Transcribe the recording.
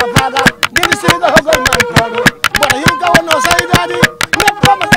my father, didn't see the hug of my brother. But you go no say daddy, let come